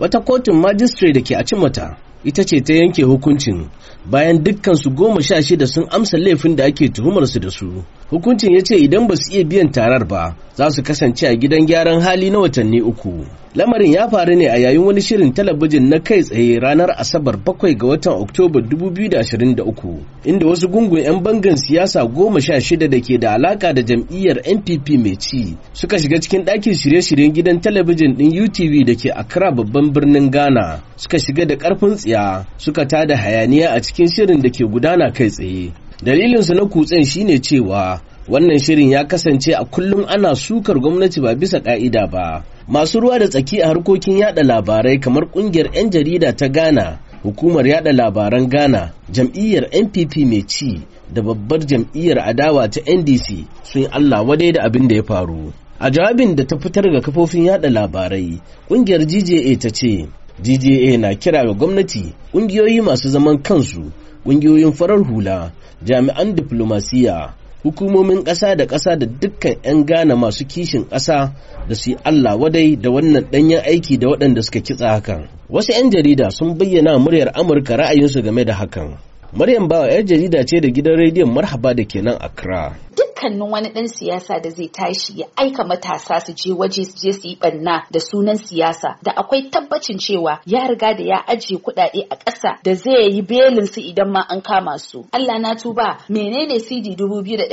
wata kotun majistare da ke a cimata ita ce ta yanke hukuncin bayan dukkan su goma sha shida sun amsa laifin da ake tuhumarsu da su hukuncin ya ce idan ba su iya biyan tarar ba za su kasance a gidan gyaran hali na watanni uku lamarin ya faru ne a yayin wani shirin talabijin na kai tsaye ranar asabar 7 ga watan oktoba 2023 inda wasu gungun 'yan bangan siyasa goma sha shida da ke da alaka da jam'iyyar npp mai ci suka shiga cikin ɗakin shirye-shiryen gidan talabijin ɗin utv da ke accra babban birnin ghana suka shiga da ƙarfin tsiya suka tada hayaniya a cikin shirin da ke gudana kai tsaye dalilinsu na kutsen shine cewa wannan shirin ya kasance a kullum ana sukar gwamnati ba bisa ka'ida ba masu ruwa da tsaki a harkokin yada labarai kamar kungiyar 'yan jarida ta ghana hukumar yada labaran ghana jam'iyyar npp mai ci da babbar jam'iyyar adawa ta ndc sun yi allah wadai da abin da ya faru a jawabin da ta fitar ga kafofin yada labarai kungiyar gja ta ce gja na kira ga gwamnati kungiyoyi masu zaman kansu ƙungiyoyin farar hula jami'an diplomasiya hukumomin ƙasa da ƙasa da dukkan 'yan gana masu kishin ƙasa da su Allah wadai da wannan ɗanyen aiki da waɗanda suka kitsa hakan. Wasu 'yan jarida sun bayyana muryar Amurka ra'ayinsu game da hakan. Maryam Bawa 'yar jarida ce da gidan rediyon Marhaba da ke nan Accra. dukkanin wani ɗan siyasa da zai tashi ya aika matasa su je waje su je su yi ɓanna da sunan siyasa da akwai tabbacin cewa ya riga da ya ajiye kuɗaɗe a ƙasa da zai yi belin su idan ma an kama su. Allah na tuba menene CD dubu biyu da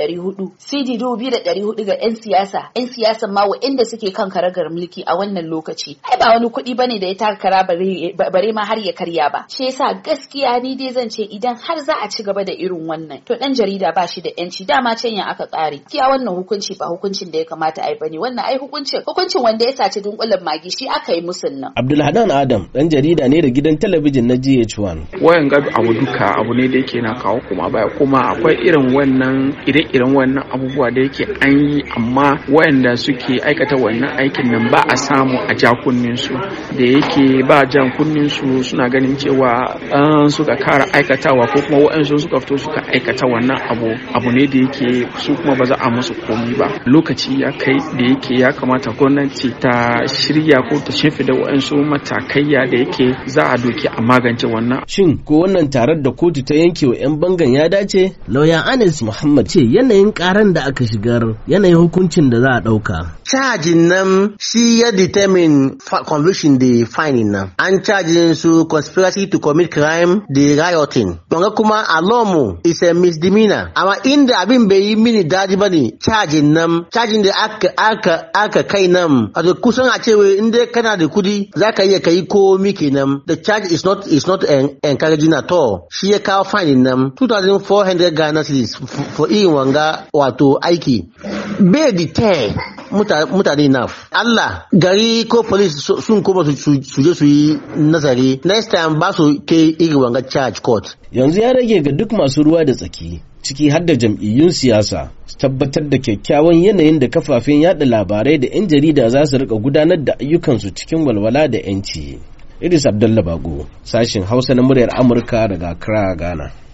CD dubu ga 'yan siyasa 'yan siyasa ma inda suke kan karagar mulki a wannan lokaci. Ai ba wani kuɗi bane da ya taka kara bare ma har ya karya ba. Shi yasa gaskiya ni dai zan ce idan har za a ci gaba da irin wannan to ɗan jarida ba shi da 'yanci dama can ya aka tsari kiya wannan hukunci ba hukuncin da ya kamata yi bane wannan ai hukuncin hukuncin wanda ya saci dunkulen magi shi aka yi musun nan Abdulhanan Adam dan jarida ne da gidan talabijin na GH1 wayan ga abu duka abu ne da yake na kawo kuma baya kuma akwai irin wannan ire irin wannan abubuwa da yake an yi amma wayanda suke aikata wannan aikin nan ba a samu a ja su da yake ba jan kunnin su suna ganin cewa an suka kara aikatawa ko kuma su suka fito suka aikata wannan abu abu ne da yake su kuma ba za a musu komi ba lokaci ya kai da yake ya kamata gwamnati ta shirya ko ta da wa'ansu matakaiya da yake za a doki a magance wannan shin ko wannan tarar da kotu ta yanke wa 'yan bangan ya dace lauya anas muhammad ce yanayin karan da aka shigar yanayin hukuncin da za a ɗauka cajin nan shi ya determine conviction da finding nan an cajin su conspiracy to commit crime da rioting kuma a mu is a misdemeanor amma inda abin bai yi mini daji ba ne cajin nan cajin da aka aka aka kai nan a kusan a ce in dai kana da kudi za ka iya kai komi kenan the charge is not is not encouraging at all shi ya kawo fine nan 2400 Ghana cedis for irin wanga wato aiki bai deter mutane na. Allah gari ko police sun koma su je su yi nazari next time ba su ke irin wanga charge court yanzu ya rage ga duk masu ruwa da tsaki ciki har da jam'iyyun siyasa su tabbatar da kyakkyawan yanayin da kafafen yada labarai da 'yan jarida za su rika gudanar da ayyukansu cikin walwala da 'yanci. Idris Abdullah Bago, sashin Hausa na muryar Amurka daga Accra, Ghana.